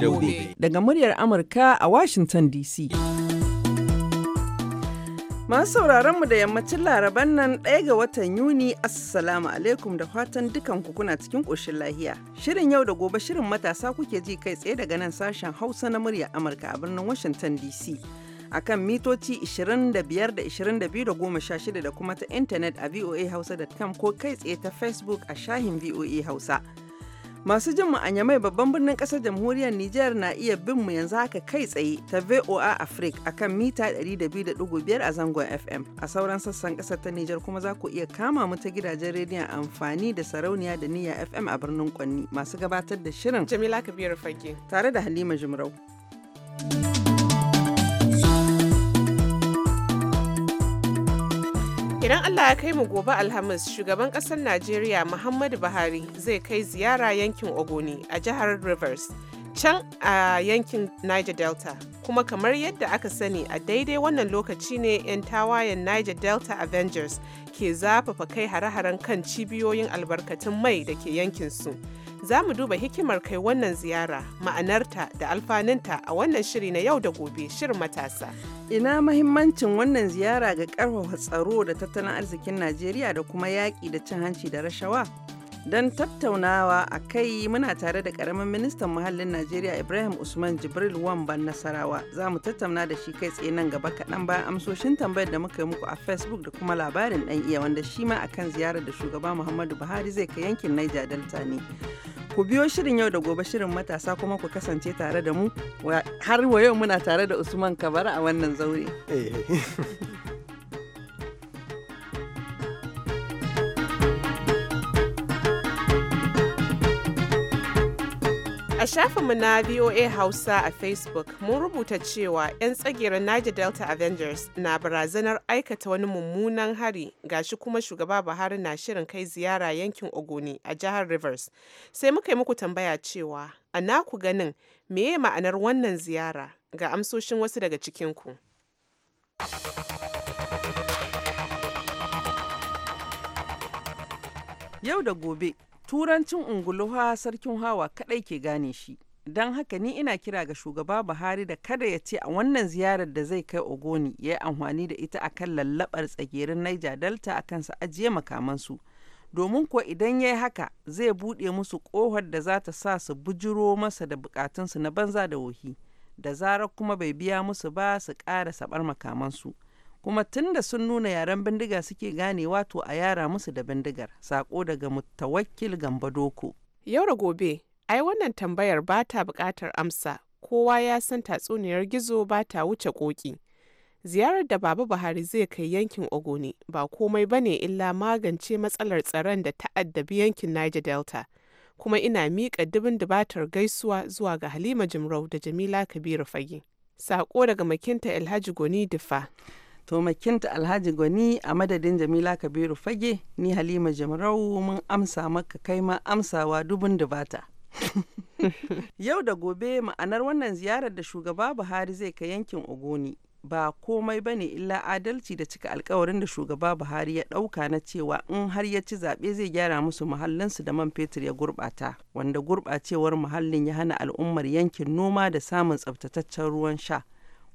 da gobe. Daga muryar Amurka a Washington DC. Masu sauraron mu da yammacin laraban nan ɗaya ga watan Yuni, Assalamu alaikum da fatan dukan ku kuna cikin ƙoshin lahiya. Shirin yau da gobe shirin matasa kuke ji kai tsaye daga nan sashen Hausa na murya Amurka a birnin Washington DC. akan mitoci 25 da 22 da da kuma ta intanet a voahausa.com ko kai tsaye ta Facebook a shahin VOA Hausa. Masu jin mu a Nyamai babban birnin ƙasar jamhuriyar Nijar na iya bin mu yanzu haka kai tsaye ta VOA Africa akan mita 200.5 a zangon FM. A sauran sassan kasar ta Nijar kuma za ku iya kama mu ta gidajen rediyon amfani da sarauniya da niyya FM a birnin Kwanni masu gabatar da shirin. Jamila Kabiru Fage. Tare da Halima Jumrau. thank you Idan Allah ya kai mu gobe Alhamis, shugaban ƙasar Najeriya Muhammadu Buhari zai kai ziyara yankin Ogoni a jihar Rivers, can a yankin Niger Delta. Kuma kamar yadda aka sani a daidai wannan lokaci ne 'yan tawayen Niger Delta Avengers ke zafafa kai hare-haren kan cibiyoyin albarkatun mai da ke yankinsu. su. za mu duba hikimar kai wannan ziyara ma'anarta da alfanunta a wannan shiri na yau da gobe shirin matasa ina mahimmancin wannan ziyara ga ƙarfafa tsaro da tattalin arzikin najeriya da kuma yaƙi da cin hanci da rashawa Don tattaunawa a kai muna tare da karamin ministan muhallin Najeriya Ibrahim Usman Jibril Wamban Nasarawa. Za mu tattauna da shi kai tsaye nan gaba kaɗan bayan amsoshin tambayar da muka yi muku a Facebook da kuma labarin ɗan iya wanda shi ma akan ziyarar da shugaba Muhammadu Buhari zai kai yankin Niger Delta ne. ku biyo shirin yau da gobe shirin matasa kuma ku kasance tare da mu har wa yau muna tare da usman kabara a wannan zaure eh. shafinmu na VOA Hausa a Facebook mun rubuta cewa 'yan tsagiyar Niger Delta Avengers na barazanar aikata wani mummunan hari gashi kuma shugaba Buhari na shirin kai ziyara yankin Ogoni a jihar Rivers. Sai muka yi muku tambaya cewa a naku ganin meye ma'anar wannan ziyara ga amsoshin wasu daga cikinku. Yau da gobe Turancin unguluwa sarkin hawa kaɗai ke gane shi. Don haka ni ina kira ga shugaba Buhari da kada ya ce a wannan ziyarar da zai kai Ogoni ya yi amfani da ita a akan lallabar tsagerin Niger Delta a kansa ajiye makamansu. domin ko idan ya yi haka zai buɗe musu ƙohar da za ta sa su bujiro masa da bukatunsu na banza da wohi da zarar kuma bai biya musu ba su ƙara saɓar makamansu kuma da sun nuna yaren bindiga suke ganewa to a yara musu da bindigar sako daga mutawakkil gambadoko. doko yau da gobe ai wannan tambayar ba ta buƙatar amsa kowa ya san tatsuniyar gizo ba ta wuce koki ziyarar da baba buhari zai kai yankin ogoni ba komai ba ne illa magance matsalar tsaron da ta'addabi yankin niger delta kuma ina miƙa dubin dubatar gaisuwa zuwa ga halima jimrau da jamila kabiru fage sako daga makinta elhaji goni difa To makinta Alhaji Gwani a madadin Jamila Kabiru Fage ni Halima Jamrau mun amsa maka kai ma amsawa dubun dubata. Yau da gobe ma'anar wannan ziyarar da shugaba Buhari zai kai yankin Ogoni ba komai bane illa adalci da cika alkawarin da shugaba Buhari ya dauka na cewa in har ya ci zaɓe zai gyara musu muhallinsu da man fetur ya gurɓata, wanda gurɓacewar muhallin ya hana al'ummar yankin noma da samun tsabtataccen ruwan sha.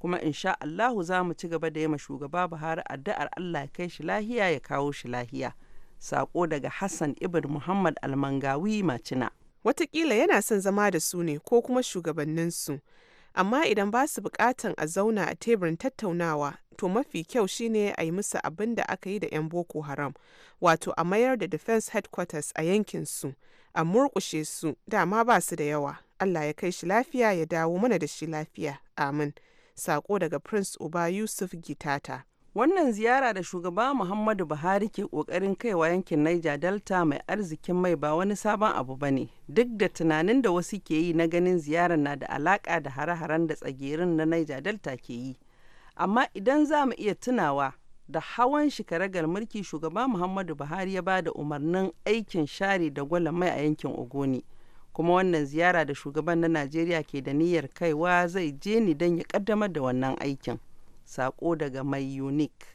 kuma insha Allahu za mu ci gaba da yama shugaba Buhari addu'ar Allah ya kai shi lahiya ya kawo shi lahiya. Sako daga Hassan Ibn Muhammad Almangawi Macina. Watakila yana son zama da su ne ko kuma shugabanninsu. Amma idan ba su bukatan a zauna a teburin tattaunawa, to mafi kyau shine a yi musu abin da aka yi da 'yan Boko Haram, wato a mayar da Defense Headquarters a yankinsu, a murƙushe su, dama ba su da yawa. Allah ya kai shi lafiya ya dawo mana da shi lafiya. Amin. Sako daga Prince Uba Yusuf Gitata. Wannan ziyara da shugaba Muhammadu Buhari ke ƙoƙarin kaiwa yankin Niger Delta mai arzikin mai ba wani sabon abu ba ne, duk da tunanin da wasu ke yi na ganin ziyarar na da alaka da hare-haren da tsagerin na Niger Delta ke yi. Amma idan za mu iya tunawa da hawan shikaragar mulki shugaba Muhammadu Buhari ya ba da umarnin aikin share da gwalan mai a yankin Ogoni. kuma wannan ziyara da shugaban na najeriya ke da niyyar kaiwa zai je ni don ya kaddamar da wannan aikin sako daga mai unique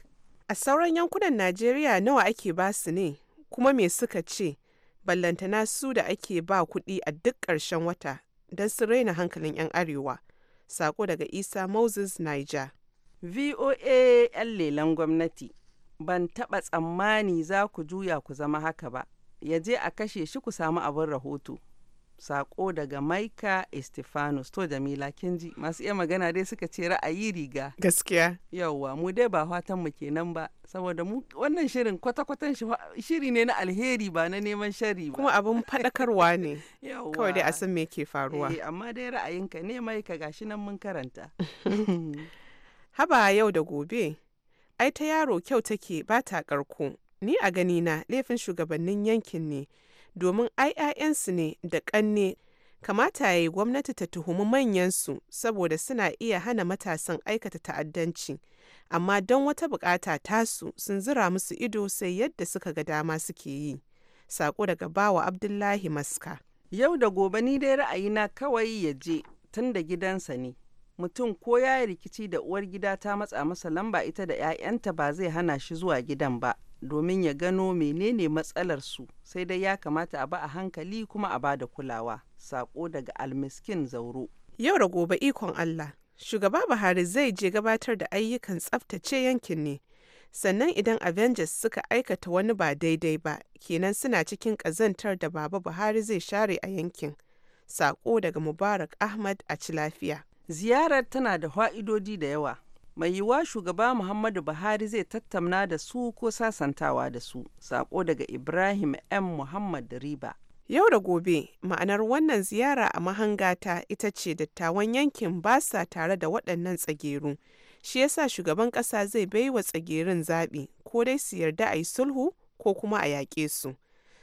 a sauran yankunan najeriya nawa ake ba su ne kuma me suka ce ballantana su da ake ba kuɗi a duk karshen wata don su raina hankalin 'yan arewa sako daga isa moses niger voa 'yan lelen gwamnati ban taɓa tsammani za ku juya ku zama haka ba yaje a kashe shi ku samu abin rahoto sako daga maika estefanos to jamila kinji masu iya magana dai suka ce ra'ayi riga gaskiya yauwa mu dai ba fatan mu kenan ba saboda mu wannan shirin kwata-kwatan shiri ne na alheri ba na neman shari ba kuma abin fadakarwa ne kawai dai a san me ke faruwa eh amma dai ra'ayinka ne maika gashi nan mun karanta haba yau da gobe ai ta yaro kyau take ba ta karko ni a gani na laifin shugabannin yankin ne domin ai 'ya'yansu ne da ƙanne kamata ya yi gwamnati ta tuhumi manyansu saboda suna iya hana matasan aikata ta'addanci amma don wata bukata tasu sun zira musu ido sai yadda suka ga dama suke yi saƙo daga bawa abdullahi maska yau da gobe ni dai ra'ayina kawai ya je tun da gidansa ne mutum ko ya rikici da uwar gida ta matsa masa lamba ita da 'ya'yanta ba zai hana shi zuwa gidan ba domin ya gano menene matsalar su sai dai ya kamata a ba a hankali kuma a ba da kulawa sako daga almiskin zauro yau da gobe ikon allah shugaba buhari zai je gabatar da ayyukan tsaftace yankin ne sannan idan avengers suka aikata wani ba daidai ba kenan suna cikin ƙazantar da baba buhari zai share a yankin sako daga mubarak ahmad a ci lafiya ziyarar tana da fa'idodi da yawa mai yiwuwa shugaba muhammadu buhari zai tattauna da su ko sasantawa da su sako daga ibrahim m muhammad riba yau da gobe ma'anar wannan ziyara a mahangata ita ce dattawan yankin ba sa tare da waɗannan tsageru shi yasa shugaban ƙasa zai baiwa tsagerin zaɓi ko dai su yarda a yi sulhu ko kuma a yaƙe su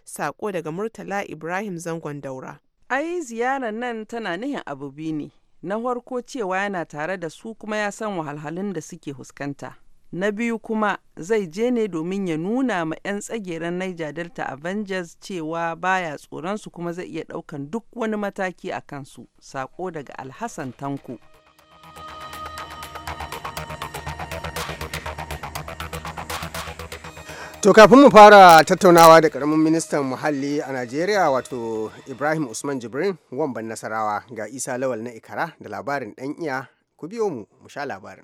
sako daga murtala ibrahim zangon daura ai ziyarar nan tana nihin abu ne na farko cewa yana tare da su kuma ya san wahalhalun da suke fuskanta na biyu kuma zai je ne domin ya nuna ma 'yan tsageren niger delta avengers cewa baya tsoron su kuma zai iya daukan duk wani mataki a kansu sako daga alhassan tanko To kafin mu fara tattaunawa da karamin ministan muhalli a Najeriya wato Ibrahim Usman Jibrin wamban nasarawa ga Isa Lawal na Ikara da labarin dan iya ku biyo mu mu sha labarin.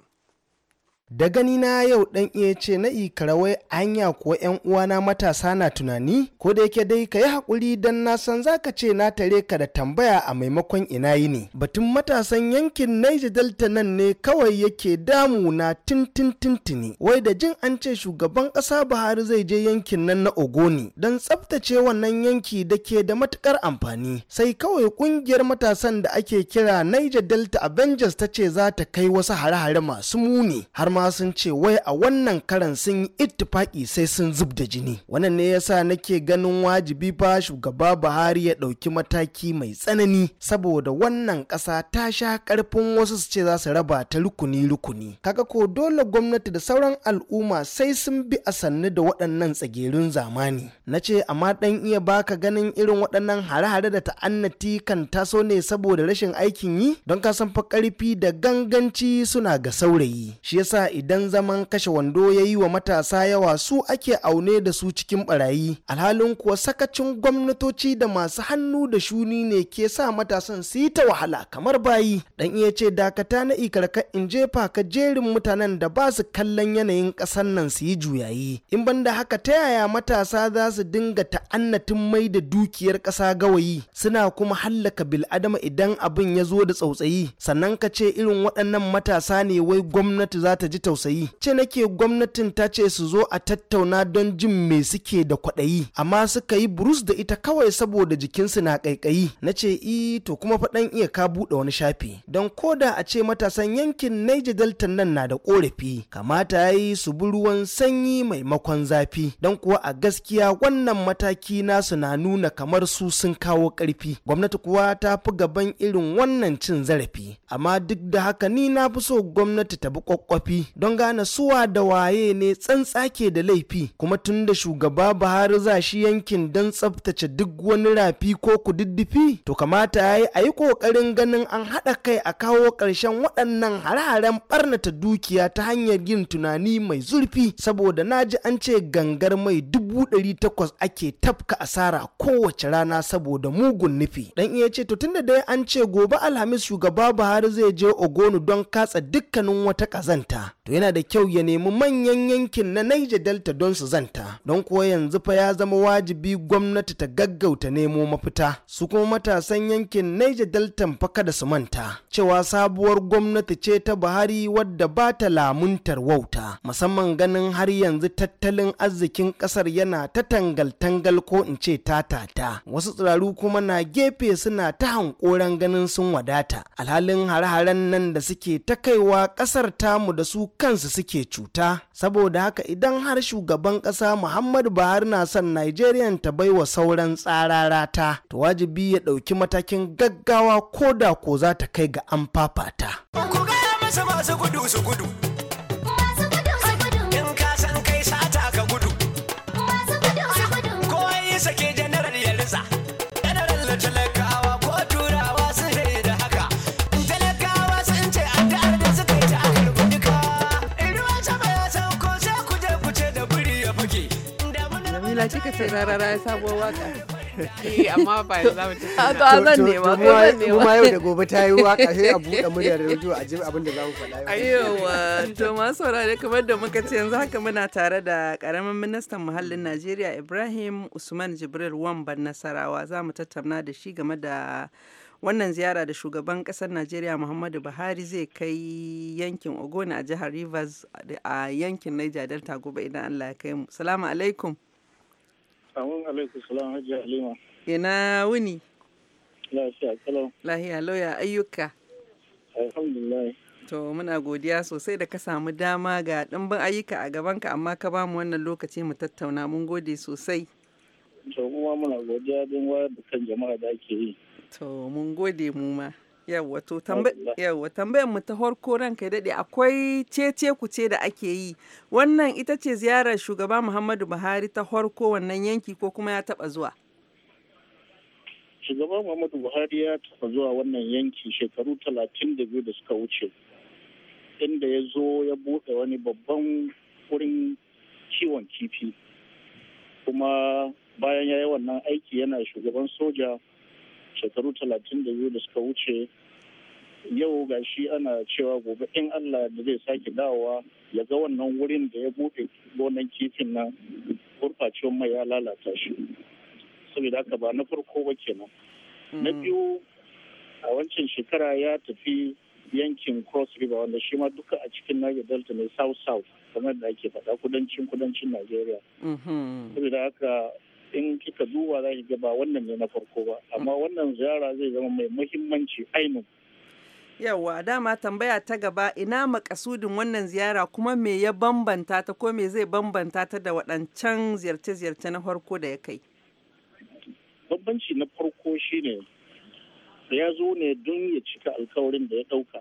da gani na yau dan iya ce na karawai anya kuwa yan uwana matasa na tunani ko da yake dai ka yi hakuri dan na san zaka ce na tare ka da tambaya a maimakon ina yi ne batun matasan yankin Niger Delta nan ne kawai yake damu na tintin tintini wai da jin an ce shugaban kasa Buhari zai je yankin nan na Ogoni dan tsaftace wannan yanki da ke da matukar amfani sai kawai kungiyar matasan da ake kira Niger Delta Avengers ta ce za ta kai wasu hare-hare masu muni har ma ma sun ce wai a wannan karan sun yi ittifaki sai sun zub da jini wannan ne yasa nake ganin wajibi ba shugaba buhari ya ɗauki mataki mai tsanani saboda wannan ƙasa ta sha ƙarfin wasu su ce za su raba ta rukuni rukuni kaga ko dole gwamnati da sauran al'umma sai sun bi a sannu da waɗannan tsagerun zamani na ce amma ɗan iya baka ganin irin waɗannan hare-hare da ta'annati kan taso ne saboda rashin aikin yi don ka san fa ƙarfi da ganganci suna ga saurayi shi yasa idan zaman kashe wando ya yi wa matasa yawa su ake aune da su cikin barayi alhalin kuwa sakacin gwamnatoci da masu hannu da shuni ne ke sa matasan su yi ta wahala kamar bayi dan iya ce dakata na ikarka in jefa ka jerin mutanen da ba su kallon yanayin ƙasar nan su yi juyayi in banda haka ta yaya matasa za su dinga ta'annatin mai da dukiyar ƙasa gawayi suna kuma hallaka bil'adama idan abin ya zo da tsautsayi sannan ka ce irin waɗannan matasa ne wai gwamnati za ta ji tausayi ce nake gwamnatin ta ce su zo a tattauna don jin me suke da kwaɗayi amma suka yi burus da ita kawai saboda jikinsu na ƙaiƙayi na ce i to kuma faɗan iya ka buɗe wani shafi don koda a ce matasan yankin Naija, Delta nan na da ƙorafi kamata ya yi su bi ruwan sanyi maimakon zafi don kuwa a gaskiya wannan mataki nasu na nuna kamar su sun kawo ƙarfi gwamnati kuwa ta fi gaban irin wannan cin zarafi amma duk da haka ni na fi so gwamnati ta bi ƙwaƙƙwafi don gane suwa da waye ne tsantsake da laifi kuma tun da shugaba Buhari za shi yankin don tsabtace duk wani rafi ko kududdufi to kamata ya yi a yi ƙoƙarin ganin an haɗa kai a kawo ƙarshen waɗannan hare-haren ɓarnata dukiya ta hanyar yin tunani mai zurfi saboda na ji an ce gangar mai dubu ɗari takwas ake tafka asara kowace rana saboda mugun nufi dan iya ce to tunda dai an ce gobe alhamis shugaba buhari zai je ogonu don katsa dukkanin wata ƙazanta to yana da kyau ya nemi manyan yankin na Niger Delta don su zanta don kuwa yanzu fa ya zama wajibi gwamnati ta gaggauta nemo mafita su kuma matasan yankin Niger Delta fa kada su manta cewa sabuwar gwamnati ce ta Buhari wadda ba ta lamuntar wauta musamman ganin har yanzu tattalin arzikin kasar yana ta tangal-tangal ko in ce ta tata wasu tsiraru kuma na gefe suna ta hankoran ganin sun wadata alhalin hare-haren nan da suke ta kaiwa kasar tamu da su kansu suke cuta saboda haka idan har shugaban ƙasa muhammadu buhari na son nigerian ta baiwa sauran tsararata to wajibi ya ɗauki matakin gaggawa ko da ko za ta kai ga an fafata ku gaya masa masu gudu su gudu la chica se agarrará esa sabuwar waka amma ba za mu ci a zan ko yau da gobe ta yi waka sai a buɗe a abin da za mu faɗa to saurare kamar da muka ce yanzu haka muna tare da karamin ministan muhallin Najeriya Ibrahim Usman Jibril Wamban Nasarawa za mu tattauna da shi game da wannan ziyara da shugaban kasar najeriya muhammadu buhari zai kai yankin ogoni a jihar rivers a yankin niger delta gobe idan allah ya kai mu salamu alaikum Amin alaikum salam hajji Halima. Ina wuni? Lafiya kalau. Lafiya, lauya ayyuka. Alhamdulillah. To muna godiya sosai da ka samu dama ga ɗimbin ayyuka a gabanka amma ka ba mu wannan lokaci mu tattauna mun gode sosai. To kuma muna godiya don wayar da kan jama'a da ake yi. To mun gode mu ma. Yawwa to tambayar mu ta harko ranka daɗe akwai cece ce da ake yi. Wannan ita ce ziyarar shugaba Muhammadu Buhari ta harko wannan yanki ko kuma ya taɓa zuwa? Shugaba Muhammadu Buhari ya taɓa zuwa wannan yanki shekaru talatin da biyu da suka wuce. Inda ya zo ya buɗe wani babban wurin kiwon kifi. Kuma bayan ya yi wannan aiki yana shugaban soja. shekaru talatin da biyu da suka wuce yau ga shi ana cewa gobe in Allah da zai sake dawowa ya ga wannan wurin da ya buɗe gonan kifin na gurfacewar mai ya lalata shi saboda haka ba na farko ba kenan na hmm. biyu a wancan shekara ya tafi yankin cross river wanda shi ma duka a cikin niger delta ne south south kamar da ake faɗa kudancin kudancin nigeria hmm. saboda haka in kika duba za ki ga ba wannan ne na farko ba amma wannan ziyara zai zama mai muhimmanci ainihin yawwa dama tambaya ta gaba ina makasudin wannan ziyara kuma me ya bambanta ta ko me zai bambanta ta da waɗancan ziyarce-ziyarce na farko da ya kai bambanci na farko shine da ya zo ne don ya cika alkawarin da ya ɗauka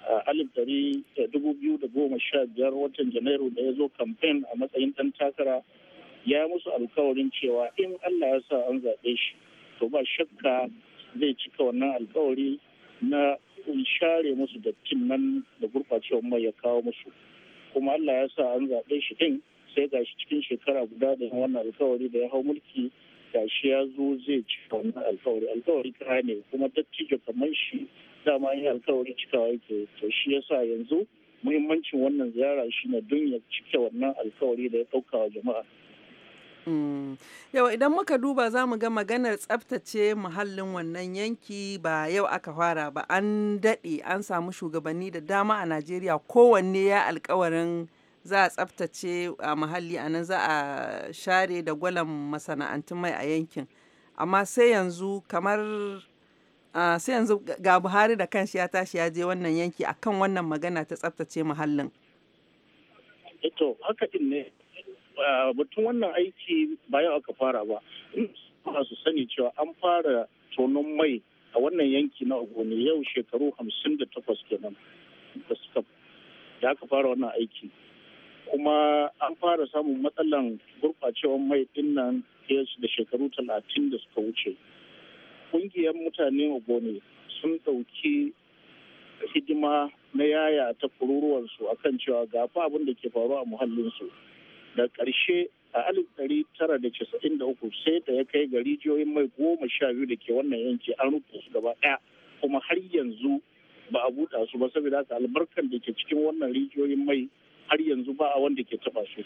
a alif dari da dubu biyu da goma sha biyar watan janairu da ya zo kamfen a matsayin ɗan takara ya musu alkawarin cewa in Allah ya sa an zaɓe shi to ba shakka zai cika wannan alkawari na share musu dattin nan da gurɓacewar mai ya kawo musu kuma Allah ya sa an zaɓe shi din sai ga shi cikin shekara guda da wannan alkawari da ya hau mulki ga shi ya zo zai cika wannan alkawari alkawari ka ne kuma dattijo kamar shi dama yin alkawari cikawa yake to shi ya sa yanzu muhimmancin wannan ziyara shine don ya cike wannan alkawari da ya ɗauka wa jama'a Mm. Yau idan muka duba za mu ga maganar tsaftace muhallin wannan yanki ba yau aka fara ba an daɗe an samu shugabanni da dama a Najeriya kowanne ya alkawarin za a tsaftace a muhalli a nan za a share da gwalan masana'antun mai a yankin. Amma sai yanzu kamar sai yanzu ga Buhari da kanshi ya tashi ya je wannan yanki akan wannan magana ta tsaftace muhallin. Eh haka ne Ah, batun wannan aiki bayan aka fara ba su sani cewa an fara tonon mai a wannan yanki na ogoni yau shekaru hamsin da takwas kenan da suka da aka fara wannan aiki kuma an fara samun matsalan gurɓacewar mai dinnan da shekaru talatin da suka wuce ƙungiyar mutane ogoni sun ɗauki hidima na yaya ta kururuwarsu akan cewa gafa abin da ke faruwa a muhallinsu da ƙarshe a alif ɗari tara da casa'in da uku sai da ya kai ga rijiyoyin mai goma sha biyu da ke wannan yanki an rufe su gaba ɗaya kuma har yanzu ba a buɗa su ba saboda haka albarkan da ke cikin wannan rijiyoyin mai har yanzu ba a wanda ke taɓa su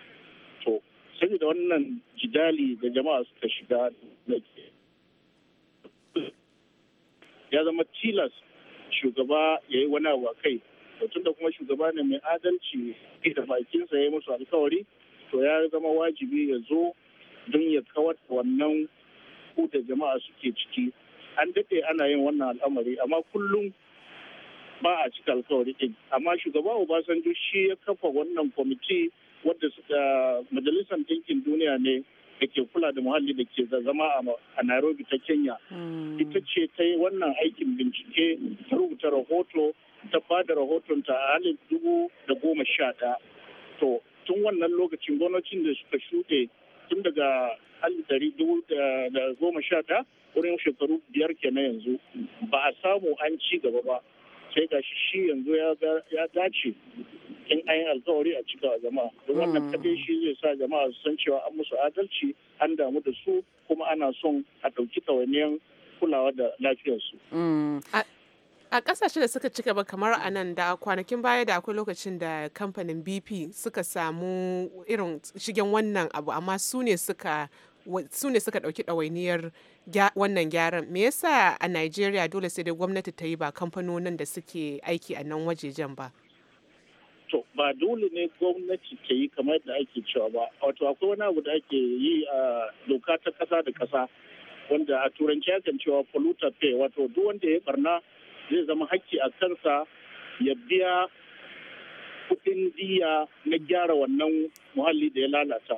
to saboda wannan jidali da jama'a suka shiga da ya zama tilas shugaba ya yi wani abu a kai da kuma shugaba ne mai adalci da bakinsa ya yi musu alkawari to ya zama wajibi ya zo don ya kawar wannan ku da jama'a suke ciki an daɗe ana yin wannan al'amari amma kullum ba a cika alkawari ɗin amma shugaba obasanjo shi ya kafa wannan kwamiti wadda suka majalisar ɗinkin duniya ne da ke kula da muhalli da ke zama a nairobi ta kenya hmm. ita ce ta yi wannan aikin bincike ta rubuta rahoto ta ba da rahotonta a halin dubu da goma sha ɗaya to tun wannan lokacin gwamnatin da suka shuɗe tun daga alif dari dubu eh, da goma sha ta wurin shekaru biyar kenan yanzu ba a samu an ci gaba ba sai ga shi yanzu ya dace in an yi alkawari a cika a jama'a don wannan mm. kadai shi zai sa jama'a su san cewa an musu adalci an damu da su kuma ana son a ɗauki ɗawainiyar kulawa da lafiyarsu. Mm. a kasashe da suka cika ba kamar a nan da kwanakin baya da akwai lokacin da kamfanin bp suka samu irin shigen wannan abu amma su ne suka dauki dawainiyar ɗawainiyar wannan gyaran me yasa a nigeria dole sai dai gwamnati ta yi ba kamfanonin da suke aiki a nan wajejen ba to ba dole ne gwamnati ke yi kamar da ake cewa ba wato akwai wani abu da ake yi a doka ta kasa da kasa wanda a turanci akan cewa polluter pay wato duk wanda ya barna zai zama hakki a kansa ya biya kuɗin diya na gyara wannan muhalli da ya lalata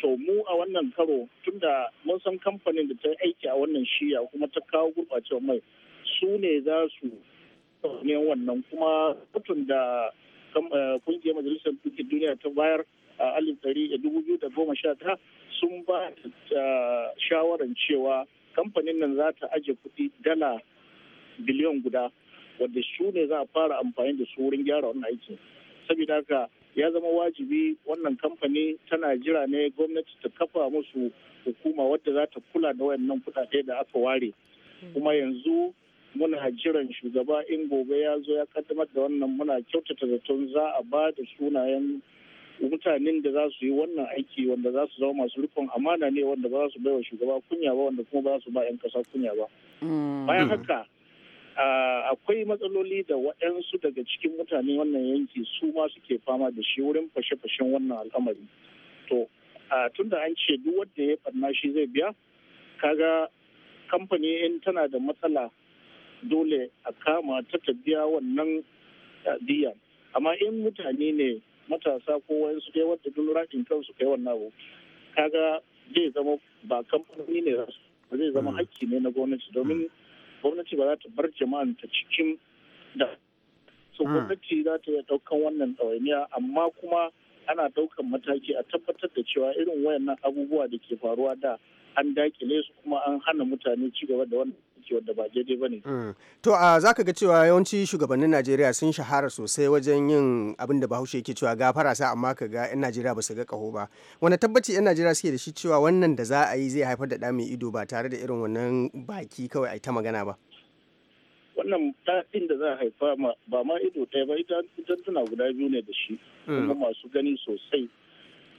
to mu a wannan karo tunda mun san kamfanin da ta aiki a wannan shiya kuma ta kawo gurɓacewar mai su ne za su ne wannan kuma mutum da kungiyar eh, majalisar dukkan duniya ta bayar a alif ɗari da dubu biyu da goma sha ta sun ba da eh, shawaran cewa kamfanin nan za ta aje kuɗi dala biliyan guda wadda su ne za a fara amfani da su wurin gyara wannan aikin saboda haka ya zama wajibi wannan kamfani tana jira ne gwamnati ta kafa musu hukuma wadda za ta kula da wayannan kuɗaɗe da aka ware kuma yanzu muna jiran shugaba in gobe ya zo ya kaddamar da wannan muna kyautata zaton za a ba da sunayen mutanen da za su yi wannan aiki wanda za su zama masu rikon amana ne wanda ba za su baiwa shugaba kunya ba wanda kuma ba za su ba 'yan kasa kunya ba mm. bayan haka akwai matsaloli da waɗansu daga cikin mutane wannan yanki su ma suke fama da shi wurin fashe-fashen wannan al'amari to tun da an ce duk wanda ya farna shi zai biya kaga kamfani in tana da matsala dole a kama ta biya wannan diya amma in mutane ne matasa ko wayansu dai wadda duk ra'in kansu kai wannan abu kaga zai zama ba kamfani ne ba zai zama mm. hakki ne na gwamnati domin gwamnati ba za ta bar jama'an ta cikin da so hmm. gwamnati za ta iya daukan wannan ɗawainiya amma kuma ana daukan mataki a tabbatar da cewa irin wayannan abubuwa da ke faruwa da an dakile su kuma an hana mutane ci gaba da wannan ciki wanda ba daidai ba ne. Mm. To a za ka ga cewa yawanci shugabannin Najeriya sun shahara sosai wajen yin abin da Bahaushe yake cewa gafara sa amma ka ga 'yan Najeriya ba su ga kaho ba. Wani tabbaci 'yan Najeriya suke da shi cewa wannan da za a yi zai haifar da ɗa mai ido ba tare da irin wannan baki kawai a ta magana ba. wannan ɗin da za a haifa ba ma ido ɗaya ba ita tana guda biyu ne da shi mm. kuma masu gani sosai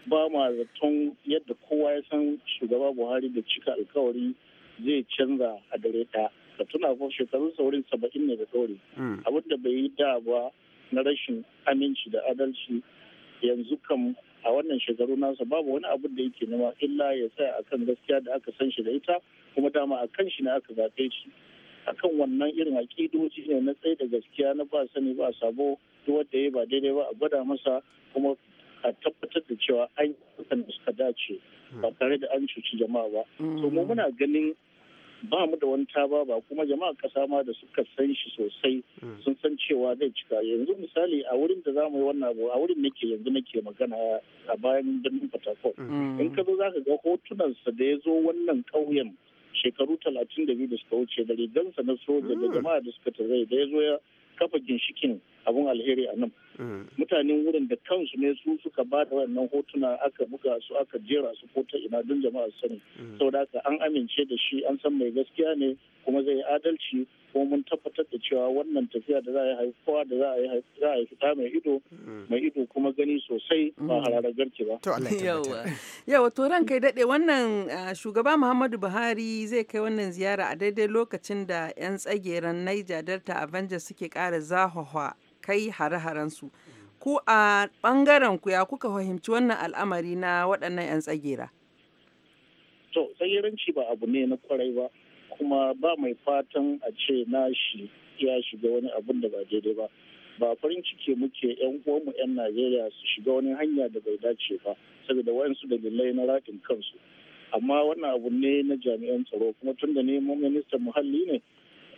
ba ma zaton yadda kowa ya san shugaba buhari da cika alkawari zai canza a dare ɗaya ka tuna ko shekarun saurin saba'in ne da dore mm. abin da bai yi da ba na rashin aminci da adalci yanzu kam a wannan shekaru nasa babu wani abu da yake nema illa ya tsaya akan gaskiya da aka san shi da ita kuma dama a kan shi ne aka zaɓe shi akan wannan irin aƙidoci ne na tsaye da gaskiya na ba sani ba sabo duk wanda ya ba daidai ba a gwada masa kuma a tabbatar da cewa an yi da suka dace ba mm. tare da an cuci jama'a ba. Mm. to mu muna ganin ba mu da wani taba ba kuma jama'a kasa ma da suka san shi sosai hmm. sun san cewa zai cika yanzu misali a wurin da za mu yi wannan abu a wurin nake yanzu nake magana a bayan birnin Fatakol hmm. in ka zo za ka ga hotunansa da ya zo wannan ƙauyen shekaru talatin da biyu da suka wuce da rigansa na soja da hmm. jama'a da suka tarai da ya zo ya kafa ginshikin abun alheri a nan mm. mutanen wurin da kansu ne su suka ba da wannan hotuna aka buga su aka jera su ko ta ina don jama'a su sani mm. saboda haka an amince da shi an san mai gaskiya ne kuma zai yi adalci kuma mun tabbatar da cewa wannan tafiya da za a yi haifuwa da za a yi fita mai ido mm. mai ido kuma gani sosai ba hararar garki ba yawa to ran kai dade wannan shugaba Muhammadu Buhari zai kai wannan ziyara a daidai lokacin da yan tsageren Niger Delta Avengers suke kara zahawa kai hare-harensu. Ku a ɓangaren ku ya kuka fahimci wannan al'amari na waɗannan 'yan tsagera? To, tsageranci ba abu ne na kwarai ba, kuma ba mai fatan a ce na shi ya shiga wani abun da ba daidai ba. ba farin ciki muke yan uwanmu yan Najeriya su shiga wani hanya da bai dace ba saboda wayansu dalilai na raɗin kansu amma wannan abu ne na jami'an tsaro kuma tun da neman ministan muhalli ne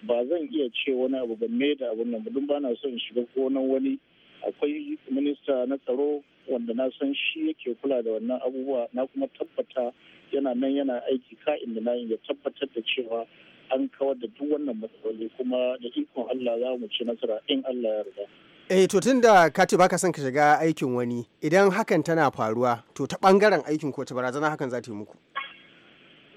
ba zan iya ce wani abu game da abun nan don ba na son shiga gonan wani akwai minista na tsaro wanda na san shi yake kula da wannan abubuwa na kuma tabbata yana nan yana aiki ka'in da yi ya tabbatar da cewa an kawar da duk wannan matsaloli kuma da ikon Allah za mu ci nasara in Allah ya yarda. Eh to tun da ka ce baka son ka shiga aikin wani idan hakan tana faruwa to ta bangaren aikin ko ta barazana hakan za ta yi muku.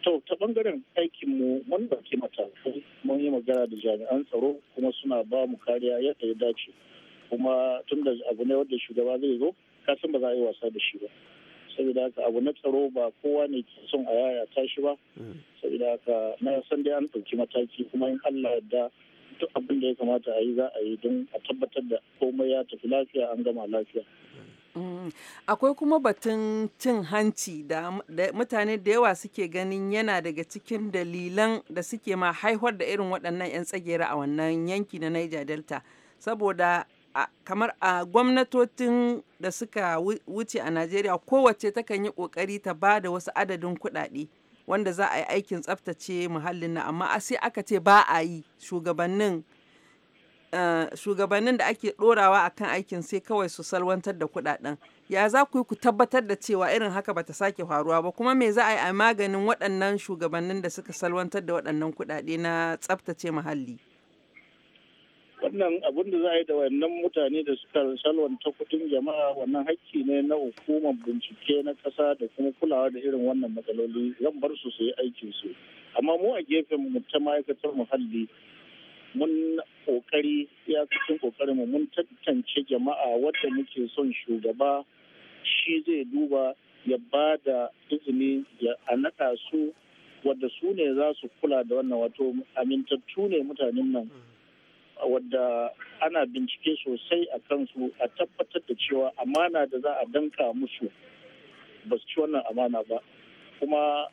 To ta bangaren aikin mu mun ɗauki matakai mun yi magana da jami'an tsaro kuma suna ba mu kariya yadda ya dace kuma tun da abu ne wanda shugaba zai zo kasan ba za a yi wasa da shi ba saboda haka abu na tsaro ba kowa ne ke son a yaya ta shi ba mm. saboda haka na san dai an ɗauki mataki kuma in Allah yadda duk abin da ya kamata a yi za a yi don a tabbatar da komai ya tafi lafiya an gama lafiya. Mm. Akwai kuma batun cin hanci da mutane da yawa suke ganin yana daga cikin dalilan da suke ma haihuwar da irin waɗannan 'yan tsagera a wannan yanki na Niger Delta. Saboda kamar a gwamnatocin da suka wuce a Najeriya kowace takan yi ƙoƙari ta ba da wasu adadin kuɗaɗe. wanda za a yi aikin tsaftace muhallin nan amma sai aka ce ba a yi shugabannin Eh, shugabannin da ake ɗorawa a kan aikin sai kawai su salwantar da kuɗaɗen ya za ku yi ku tabbatar da cewa irin haka bata sake faruwa ba kuma me za a yi a maganin waɗannan shugabannin da suka salwantar da waɗannan kuɗaɗe na tsaftace muhalli wannan abin da za a yi da wannan mutane da suka salwanta kuɗin jama'a wannan hakki ne na hukumar bincike na ƙasa da kuma kulawa da irin wannan matsaloli zan bar su su yi aikin su amma mu a gefen mu ta ma'aikatar muhalli mun kokari ya cikin kokarinmu mun tantance jama'a wadda muke son shugaba shi zai duba ya ba da izini ya naɗa su wadda su ne za su kula da wannan wato amintattu ne mutanen nan wadda ana bincike sosai a kansu a tabbatar da cewa amana da za a danka musu ba su ci wannan amana ba kuma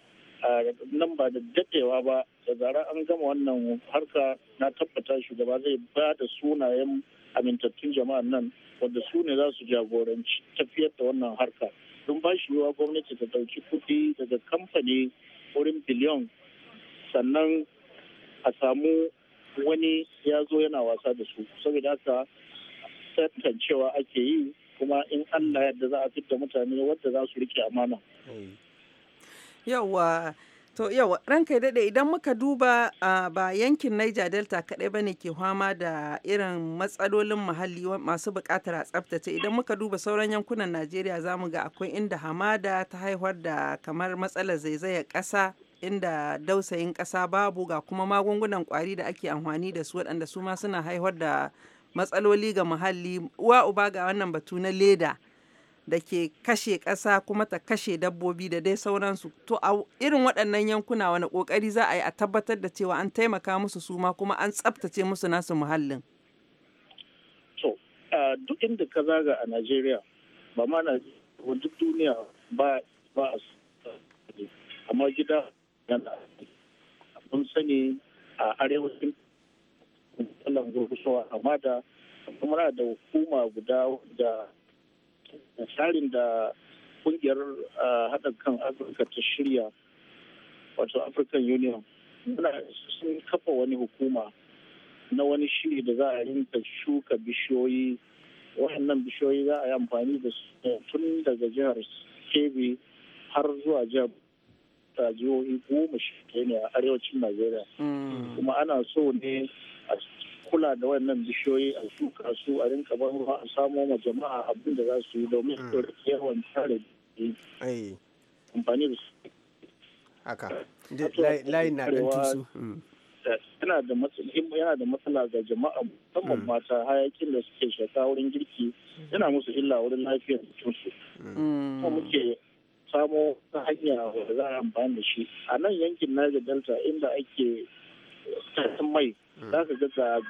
nan ba da daɗewa ba da zara an gama wannan harka na tabbata shugaba zai ba da sunayen amintattun jama'an nan wadda su ne za su jagoranci tafiyar da wannan harka don ba shi yiwuwa gwamnati ta dauki kuɗi daga kamfani wurin biliyon sannan a samu wani ya zo yana wasa da su saboda haka tantancewa ake yi kuma in allah yadda za a fitar mutane wadda za su rike amana yawwa To yau ranka daɗe idan muka duba ba yankin Niger Delta kaɗai ba ne ke fama da irin matsalolin muhalli masu buƙatar a tsaftace idan muka duba sauran yankunan Najeriya za mu ga akwai inda hamada ta haihuwar da kamar matsalar zaizayar ƙasa inda dausayin ƙasa babu ga kuma magungunan ƙwari da ake amfani da su waɗanda su ma suna haihuwar da matsaloli ga muhalli uwa uba ga wannan batu na leda. da ke kashe ƙasa kuma ta kashe dabbobi da dai sauransu to a irin waɗannan yankuna wani ƙoƙari za a yi a tabbatar da cewa an taimaka musu suma kuma an tsaftace musu nasu muhallin to duk inda ka zaga a najeriya ba ma na duk duniya ba su amma gida yana mun sani a arewacin kalan amma da kuma da hukuma guda da tsarin da kungiyar ah, haɗin kan afirka ta shirya wato african union sun kafa wani hukuma na wani shiri da za a rinka shuka bishiyoyi waɗannan bishiyoyi za a yi amfani da su tun daga jihar kebbi har zuwa jihar jihohi goma shi ne a arewacin najeriya mm. kuma ana so ne kula da wannan bishiyoyi a shuka su a rinka ban ruwa a samo ma jama'a abin da za su yi domin su mm. rike yawan tare amfani da su. Haka, layin na ɗan mm. Yana da matsala ga jama'a musamman mm. mata hayakin da suke shaka wurin girki yana musu illa wurin lafiyar jikinsu. Kuma muke samo ta hanya da za a amfani da shi. A nan yankin Niger Delta inda ake tattalin eh, mai Mm. za ka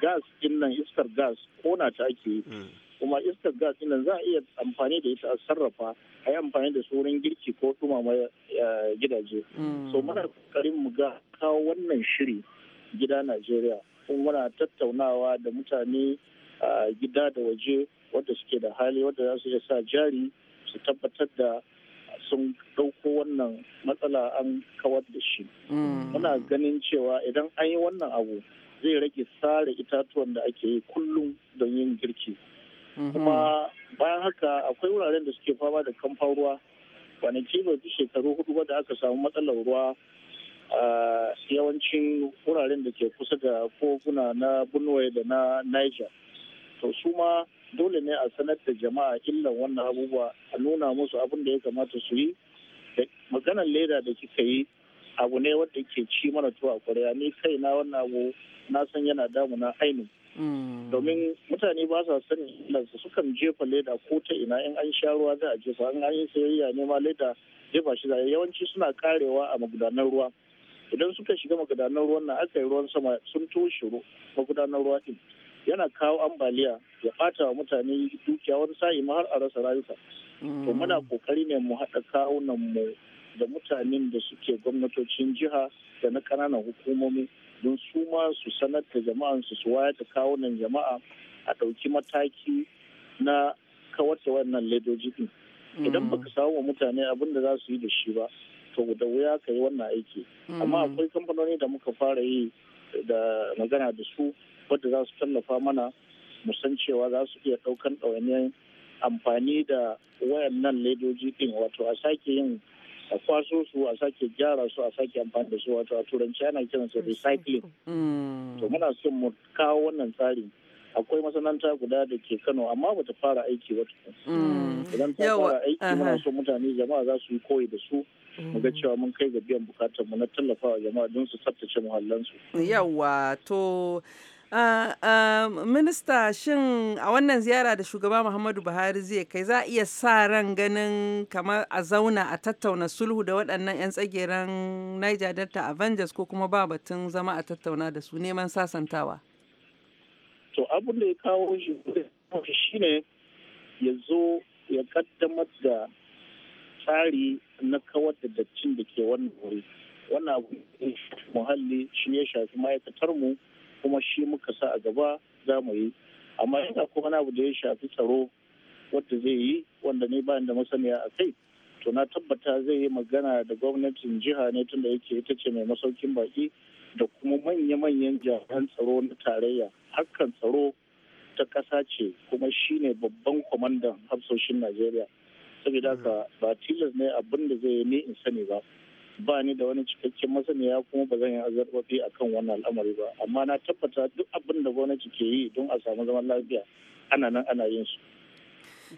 ga gas din nan iskar gas kona ta ake yi mm. kuma iskar gas din nan za a iya amfani da ita a sarrafa a yi amfani da su girki ko dumama eh, gidaje mm. so muna kokarin mu ga kawo wannan shiri gida najeriya kuma muna tattaunawa da mutane a gida da waje wadda suke da hali wadda za su sa jari su tabbatar da sun ɗauko wannan matsala an kawar da shi muna ganin cewa idan an yi wannan abu zai rage sare itatuwan da ake yi kullum don yin girki mhm. kuma bayan haka akwai wuraren da suke fama da kamfan ruwa kwanaki bai bi shekaru hudu ba da aka samu matsalar ruwa a yawancin wuraren da ke kusa da koguna na benue da na niger to su ma dole ne a sanar da jama'a illan wannan abubuwa a nuna musu abin da ya kamata su yi maganar leda da kika yi abu ne wanda ke ci mana tuwa kwarya ni kai na wannan abu na san yana damuna ainihin mm. domin mutane ba sa sani su sukan jefa leda ko ta ina in an sha ruwa za a jefa in an yi sayayya ne ma leda jefa shi za yawanci suna karewa a magudanar ruwa idan suka shiga magudanar ruwan nan aka yi ruwan sama sun toshe magudanar ruwa din yana kawo ambaliya ya bata wa mutane dukiya wani sa'i ma har a rasa rayuka to mm. muna kokari ne mu haɗa kawunan mu da mutanen da suke gwamnatocin jiha da na ƙananan hukumomi don su ma su sanar da jama'an su ta kawo kawunan jama'a a ɗauki mataki na kawar da wannan ledoji din idan baka mm. samu wa mutane abin da za su yi da shi ba to da wuya ka yi wannan aiki mm. amma akwai kamfanoni da muka fara yi da magana da su wadda za su tallafa mana musan cewa za su iya ɗaukan ɗawainiyar amfani da wayannan ledoji ɗin wato a sake yin a kwaso su a sake gyara su a sake amfani da su wato a turanci ana kiran su recycling mm. to muna son mu kawo wannan tsarin akwai masananta guda da ke kano amma bata fara aiki ba mm. idan ta fara aiki muna son mutane jama'a za su yi koyi da su mm. mu ga cewa mun kai ga biyan bukatar mu na tallafawa jama'a don su tsaftace muhallansu yawwa to minista shin a wannan ziyara da shugaba muhammadu buhari zai kai za a iya sa ran ganin kamar a zauna a tattauna sulhu da waɗannan 'yan tsageren niger delta avengers ko kuma ba batun zama a tattauna da su neman sasantawa to abin da ya kawo shi ne ya zo ya kaddamar da tsari na kawar da dattin da ke wannan wuri wannan abu muhalli shi ya shafi ma'aikatar mu kuma shi muka sa a gaba za mu yi amma yana kuma na abu da ya shafi tsaro wadda zai yi wanda ne bayan da masaniya a kai to na tabbata zai yi magana da gwamnatin jiha ne tunda yake ita ce mai masaukin baki da kuma manya-manyan jami'an tsaro na tarayya hakan tsaro ta ƙasa ce kuma shi ne babban kwamandan hafsoshin najeriya saboda haka ba tilas ne abin da zai yi ni in sani ba ba ni da wani cikakken masaniya kuma ba zan yi azarbafi a kan wannan al'amari ba amma na tabbata duk abin da gwamnati ke yi don a samu zaman lafiya ana nan ana yin su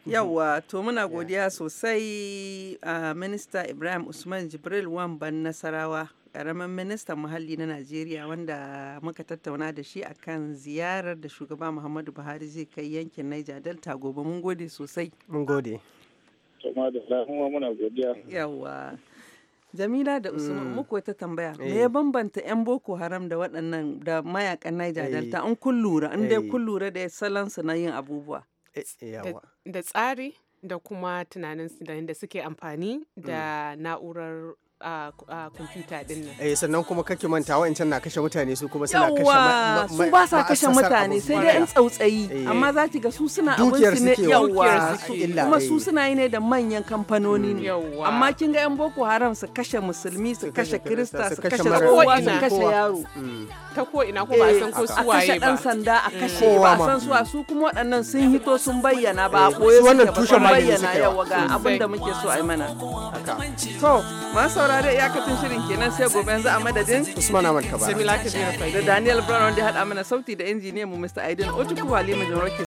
yawwa to muna godiya sosai a minista ibrahim usman jibril wamban nasarawa karamin ministan muhalli na najeriya wanda muka tattauna da shi akan ziyarar da shugaba muhammadu buhari zai kai yankin niger delta gobe mun gode sosai mun gode yawwa Jamila da Usman mm. muku ta tambaya me ya eh. bambanta yan Boko Haram da waɗannan da mayakan Niger eh. Delta an kun lura in dai eh. kun lura da salon su na yin abubuwa da tsari da kuma tunanin da suke amfani da mm. na'urar a kwamfuta din nan. Eh sannan kuma kake manta wa'ancan na kashe mutane su kuma suna kashe su ba sa kashe mutane sai dai yan tsautsayi eh. amma za ki ga su suna abin su ne yawa kuma su suna yi ne da manyan kamfanoni ne amma kin ga yan boko haram su kashe musulmi su kashe krista su kashe kowa su kashe yaro mm. ta ko ina ko ba san ko eh, su waye mm. ba a kashe dan sanda a kashe ba san su su kuma waɗannan sun mm. hito sun bayyana ba a eh, koyo su ba sun bayyana yawa ga abin da muke so a yi mana to masu saurare iyakacin shirin kenan sai gobe yanzu a madadin Usman amurka ba da Daniel Brown wanda ya haɗa mana sauti da injiniyan mu Mr. Aidin Otukwu lima Jaroki